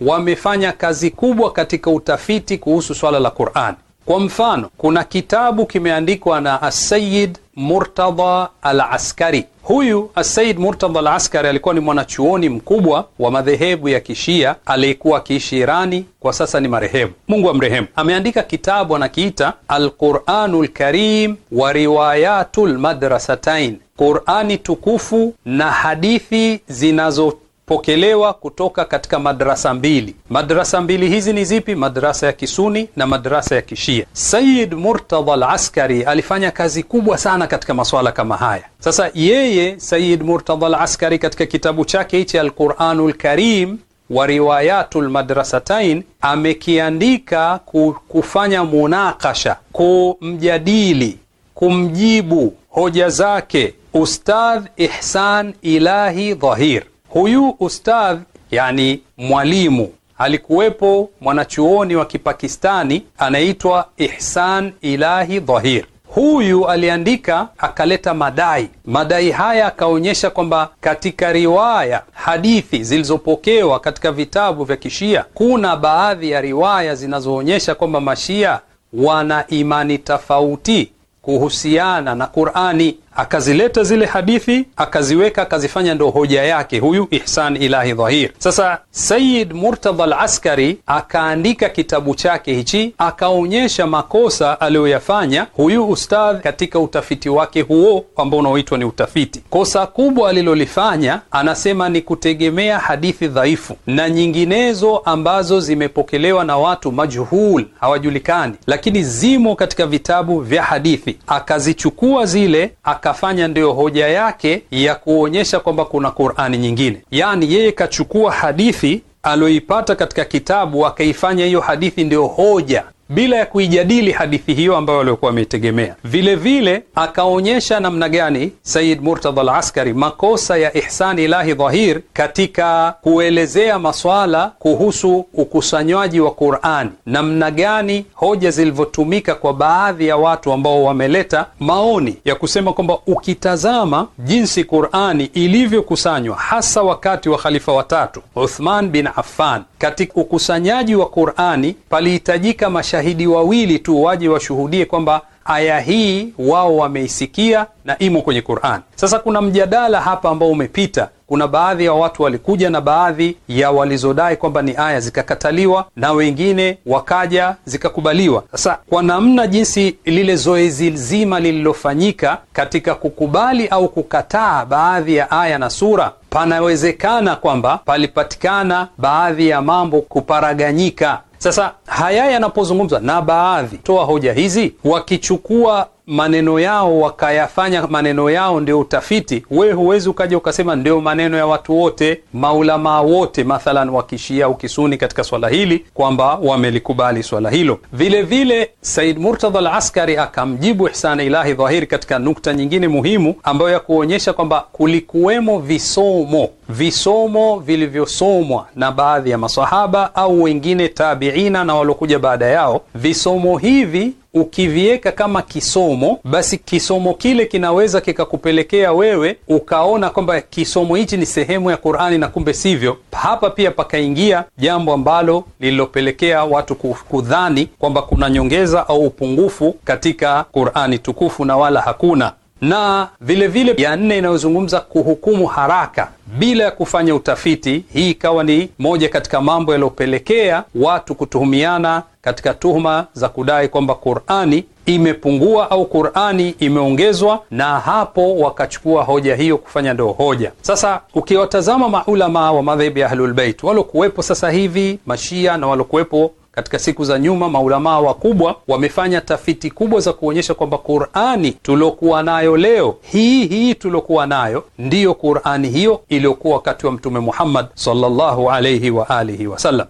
wamefanya kazi kubwa katika utafiti kuhusu swala la Qurani. Kwa mfano, kuna kitabu kimeandikwa na Asayid murtada al Askari. Huyu Asayid murtada al Askari alikuwa ni mwanachuoni mkubwa wa madhehebu ya Kishia aliyekuwa akiishi Irani, kwa sasa ni marehemu, Mungu amrehemu. Ameandika kitabu anakiita Alquranu lkarim wa riwayatu lmadrasatain, Qurani tukufu na hadithi zinazo pokelewa kutoka katika madrasa mbili. Madrasa mbili hizi ni zipi? Madrasa ya Kisuni na madrasa ya Kishia. Sayyid Murtadha al-Askari alifanya kazi kubwa sana katika maswala kama haya. Sasa yeye sayid Murtadha al-Askari katika kitabu chake hichi al lkarim Karim wa riwayatul madrasatain amekiandika kufanya munakasha, kumjadili, kumjibu hoja zake Ustadh Ihsan Ilahi Dhahir. Huyu ustadh, yani mwalimu, alikuwepo mwanachuoni wa Kipakistani anaitwa Ihsan Ilahi Dhahir. Huyu aliandika akaleta madai. Madai haya akaonyesha kwamba katika riwaya, hadithi zilizopokewa katika vitabu vya Kishia, kuna baadhi ya riwaya zinazoonyesha kwamba Mashia wana imani tofauti kuhusiana na Qur'ani akazileta zile hadithi akaziweka akazifanya ndo hoja yake huyu Ihsan Ilahi Dhahir. Sasa Sayid Murtadha al-Askari akaandika kitabu chake hichi, akaonyesha makosa aliyoyafanya huyu ustadh katika utafiti wake huo ambao unaoitwa ni utafiti. Kosa kubwa alilolifanya anasema ni kutegemea hadithi dhaifu na nyinginezo ambazo zimepokelewa na watu majhul, hawajulikani, lakini zimo katika vitabu vya hadithi, akazichukua zile aka akafanya ndiyo hoja yake ya kuonyesha kwamba kuna Qur'ani nyingine, yani yeye kachukua hadithi alioipata katika kitabu akaifanya hiyo hadithi ndiyo hoja bila ya kuijadili hadithi hiyo ambayo waliokuwa wameitegemea. Vile vile akaonyesha namna gani Sayyid Murtadha al-Askari makosa ya Ihsani Ilahi Dhahir katika kuelezea maswala kuhusu ukusanywaji wa Qur'ani, namna gani hoja zilivyotumika kwa baadhi ya watu ambao wameleta maoni ya kusema kwamba ukitazama jinsi Qur'ani ilivyokusanywa hasa wakati wa khalifa watatu Uthman bin Affan katika ukusanyaji wa Qur'ani palihitajika mashahidi wawili tu waje washuhudie kwamba aya hii wao wameisikia na imo kwenye Qur'an. Sasa kuna mjadala hapa ambao umepita. Kuna baadhi ya watu walikuja na baadhi ya walizodai kwamba ni aya zikakataliwa, na wengine wakaja zikakubaliwa. Sasa kwa namna jinsi lile zoezi zima lililofanyika katika kukubali au kukataa baadhi ya aya na sura panawezekana kwamba palipatikana baadhi ya mambo kuparaganyika. Sasa haya yanapozungumzwa na baadhi toa hoja hizi wakichukua maneno yao wakayafanya maneno yao ndio utafiti. Wewe huwezi ukaja ukasema ndio maneno ya watu wote maulamaa wote, mathalan wakishia ukisuni katika swala hili kwamba wamelikubali swala hilo. Vile vile Said Murtadha al-Askari akamjibu Ihsani Ilahi Dhahiri katika nukta nyingine muhimu ambayo ya kuonyesha kwamba kulikuwemo visomo visomo vilivyosomwa na baadhi ya masahaba au wengine tabiina na walokuja baada yao. Visomo hivi ukiviweka kama kisomo, basi kisomo kile kinaweza kikakupelekea wewe ukaona kwamba kisomo hichi ni sehemu ya Qur'ani na kumbe sivyo. Hapa pia pakaingia jambo ambalo lililopelekea watu kudhani kwamba kuna nyongeza au upungufu katika Qur'ani tukufu na wala hakuna na vilevile vile ya nne inayozungumza kuhukumu haraka bila ya kufanya utafiti. Hii ikawa ni moja katika mambo yaliyopelekea watu kutuhumiana katika tuhuma za kudai kwamba Qur'ani imepungua au Qur'ani imeongezwa, na hapo wakachukua hoja hiyo kufanya ndio hoja. Sasa ukiwatazama maulama wa madhehebu ya Ahlulbeit waliokuwepo sasa hivi, Mashia na waliokuwepo katika siku za nyuma maulamaa wakubwa wamefanya tafiti kubwa za kuonyesha kwamba Qurani tuliokuwa nayo leo hii hii tuliokuwa nayo ndiyo Qurani hiyo iliyokuwa wakati wa Mtume Muhammad sallallahu alayhi wa alihi wasallam.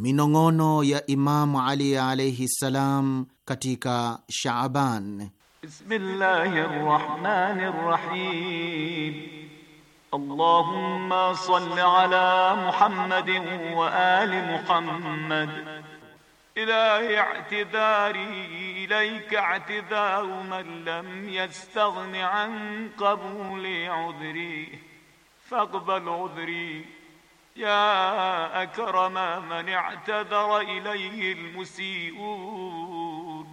minong'ono ya Imamu Ali alaihi ssalam katika Shaaban. Bismillahi rahmani rahim. Allahumma salli ala Muhammadin wa ali Muhammad. Ilahi i'tidari ilayka i'tidaru man lam yastaghni an qabuli udri faqbal udri ya akrama man i'tadhara ilayhi almusi'un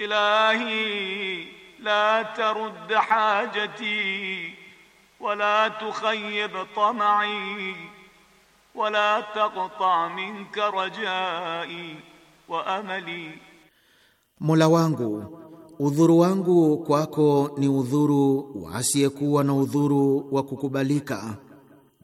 ilahi la tarudd hajati wala tukhayyib tam'i wala taqta' minka rajai wa amali, Mola wangu udhuru wangu kwako ni udhuru wasiyekuwa na udhuru wa kukubalika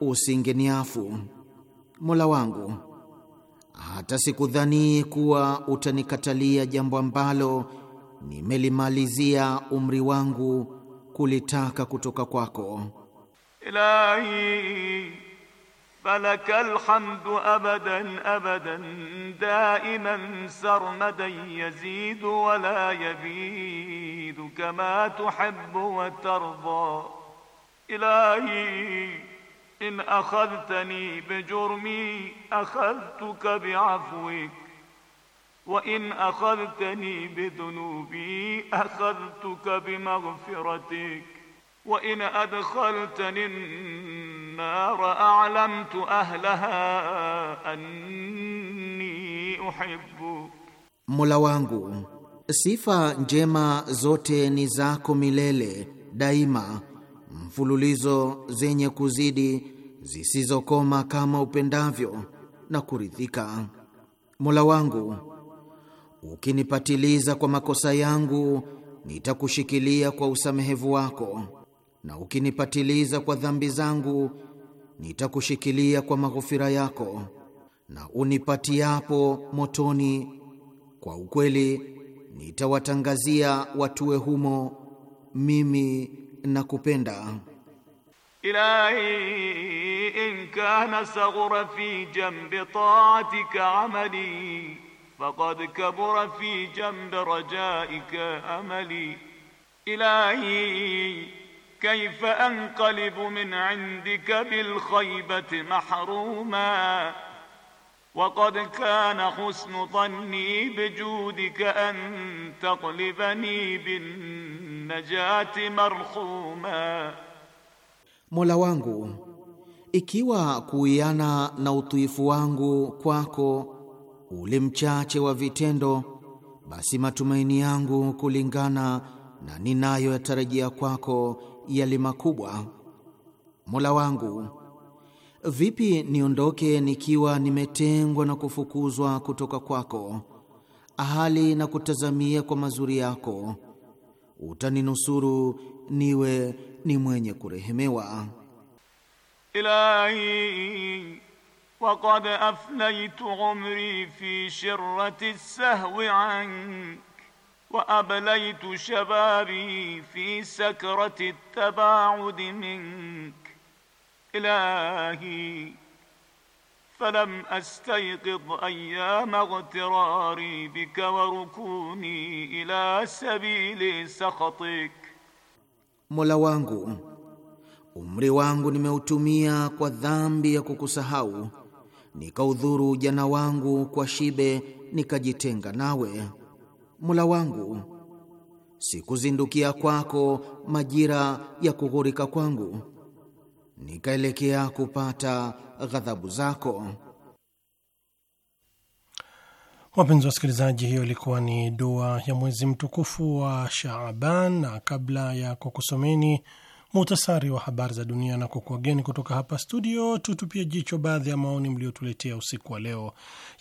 usingeniafu Mola wangu, hata sikudhani kuwa utanikatalia jambo ambalo nimelimalizia umri wangu kulitaka kutoka kwako. Ilahi falakal hamdu abadan abadan daiman sarmadan yazidu wala yabidu kama tuhibbu wa tarda ilahi in akhadhtani bijurmi akhadhtuka biafwik wa in akhadhtani bidhunubi akhadhtuka bimaghfiratik wa in adkhaltani an-nara a'lamtu ahlaha anni uhibbuk, Mola wangu sifa njema zote ni zako milele daima mfululizo zenye kuzidi zisizokoma kama upendavyo na kuridhika. Mola wangu, ukinipatiliza kwa makosa yangu nitakushikilia kwa usamehevu wako, na ukinipatiliza kwa dhambi zangu nitakushikilia kwa maghofira yako, na unipatiapo motoni kwa ukweli nitawatangazia watue humo mimi na kupenda. Ilahi in kana saghura fi jambi ta'atika amali faqad kabura fi jambi rajaika amali Ilahi kayfa anqalibu min indika bil khaybati mahruma Waqad kana husnu dhanni bijudika an taqlibani bin najati marhuma, Mola wangu, ikiwa kuiana na utuifu wangu kwako ule mchache wa vitendo, basi matumaini yangu kulingana na ninayoyatarajia kwako yali makubwa. Mola wangu Vipi niondoke nikiwa nimetengwa na kufukuzwa kutoka kwako, ahali na kutazamia kwa mazuri yako? Utaninusuru niwe ni mwenye kurehemewa. Ilahi waqad afnaytu umri fi shirrati sahwi ank wa ablaytu shababi fi sakrati tabaudi mink إلهي فلم أستيقظ أيام اغتراري بك وركوني إلى سبيل سخطك Mola wangu, umri wangu nimeutumia kwa dhambi ya kukusahau, nikaudhuru ujana wangu kwa shibe, nikajitenga nawe. Mola wangu, sikuzindukia kwako majira ya kughurika kwangu nikaelekea kupata ghadhabu zako. Wapenzi wa wasikilizaji, hiyo ilikuwa ni dua ya mwezi mtukufu wa Shaaban, na kabla ya kukusomeni muhtasari wa habari za dunia na kukuageni kutoka hapa studio, tutupie jicho baadhi ya maoni mliotuletea usiku wa leo.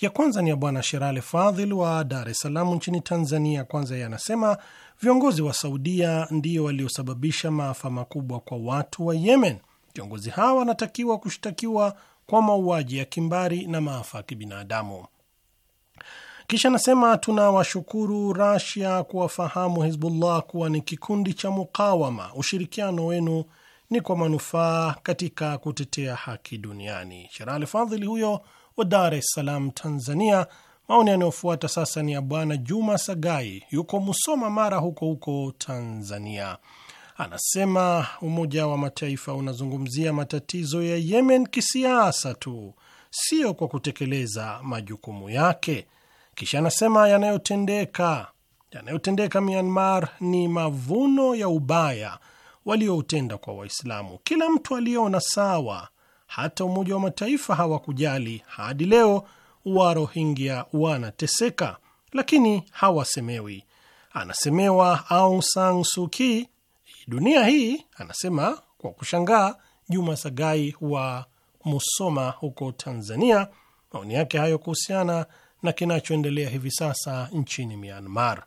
Ya kwanza ni ya bwana Sherale Fadhil wa Dar es Salaam nchini Tanzania. Kwanza yeye anasema viongozi wa Saudia ndio waliosababisha maafa makubwa kwa watu wa Yemen viongozi hawa wanatakiwa kushtakiwa kwa mauaji ya kimbari na maafa ya kibinadamu. Kisha anasema tunawashukuru Rasia kuwafahamu Hizbullah kuwa ni kikundi cha mukawama. Ushirikiano wenu ni kwa manufaa katika kutetea haki duniani. Sherali Fadhili huyo wa Dar es Salaam, Tanzania. Maoni yanayofuata sasa ni ya Bwana Juma Sagai, yuko Musoma, Mara, huko huko Tanzania. Anasema Umoja wa Mataifa unazungumzia matatizo ya Yemen kisiasa tu, sio kwa kutekeleza majukumu yake. Kisha anasema yanayotendeka yanayotendeka Myanmar ni mavuno ya ubaya walioutenda kwa Waislamu. Kila mtu aliyeona sawa, hata Umoja wa Mataifa hawakujali. Hadi leo warohingia wanateseka, lakini hawasemewi. Anasemewa Aung San Suu Kyi dunia hii, anasema kwa kushangaa Juma Sagai wa Musoma huko Tanzania. Maoni yake hayo kuhusiana na kinachoendelea hivi sasa nchini Myanmar.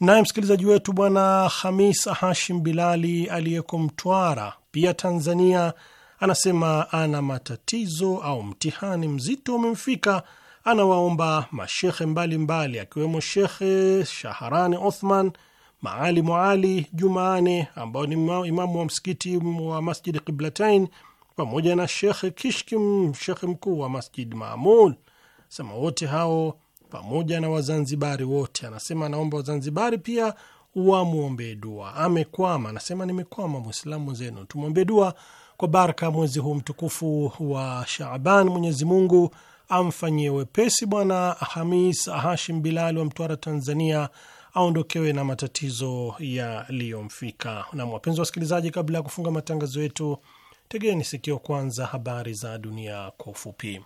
Naye msikilizaji wetu bwana Hamis Hashim Bilali aliyeko Mtwara pia Tanzania anasema ana matatizo au mtihani mzito umemfika. Anawaomba mashekhe mbalimbali akiwemo Shekhe Shaharani Othman Maalimu Ali Jumaane ambao ni imamu wa msikiti wa Masjid Qiblatain pamoja na Shekh Kishkim, shekhe mkuu wa Masjid mamul Sema wote hao pamoja na Wazanzibari wote, anasema anaomba Wazanzibari pia wamwombee dua. Amekwama, anasema nimekwama, mwislamu zenu, tumwombee dua kwa baraka mwezi huu mtukufu wa Shaaban. Mwenyezi Mungu amfanyie wepesi Bwana Hamis Hashim Bilali wa Mtwara, Tanzania aondokewe na matatizo yaliyomfika. Na wapenzi wasikilizaji, kabla ya kufunga matangazo yetu, tegeni sikio kwanza habari za dunia kwa ufupi.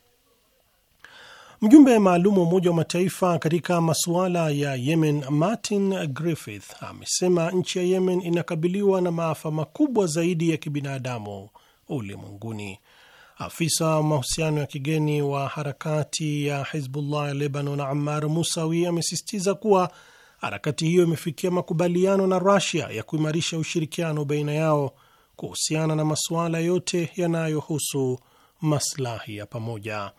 Mjumbe maalum wa Umoja wa Mataifa katika masuala ya Yemen, Martin Griffith, amesema nchi ya Yemen inakabiliwa na maafa makubwa zaidi ya kibinadamu ulimwenguni. Afisa wa mahusiano ya kigeni wa harakati ya Hizbullah ya Lebanon, Ammar Musawi, amesisitiza kuwa harakati hiyo imefikia makubaliano na rasia ya kuimarisha ushirikiano baina yao kuhusiana na masuala yote yanayohusu maslahi ya pamoja.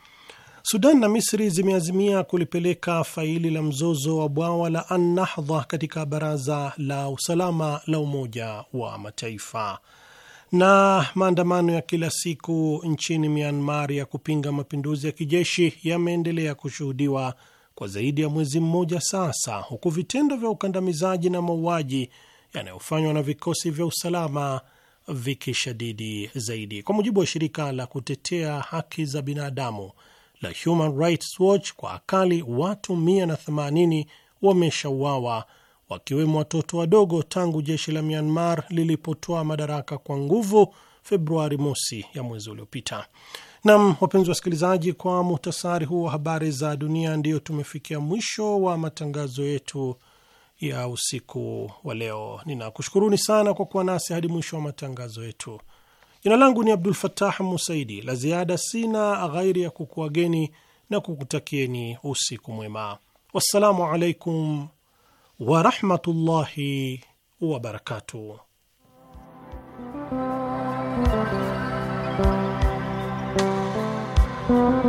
Sudan na Misri zimeazimia kulipeleka faili la mzozo wa bwawa la Annahdha katika Baraza la Usalama la Umoja wa Mataifa. Na maandamano ya kila siku nchini Myanmar ya kupinga mapinduzi ya kijeshi yameendelea kushuhudiwa kwa zaidi ya mwezi mmoja sasa, huku vitendo vya ukandamizaji na mauaji yanayofanywa na vikosi vya usalama vikishadidi zaidi. Kwa mujibu wa shirika la kutetea haki za binadamu la Human Rights Watch, kwa akali watu 180 wameshauawa wakiwemo watoto wadogo tangu jeshi la Myanmar lilipotoa madaraka kwa nguvu Februari mosi ya mwezi uliopita. Nam, wapenzi wasikilizaji, kwa muhtasari huu wa habari za dunia, ndiyo tumefikia mwisho wa matangazo yetu ya usiku wa leo. Ninakushukuruni sana kwa kuwa nasi hadi mwisho wa matangazo yetu. Jina langu ni Abdul Fatah Musaidi. La ziada sina ghairi ya kukuageni na kukutakieni usiku mwema. Wassalamu alaikum warahmatullahi wabarakatuh. Mm-hmm.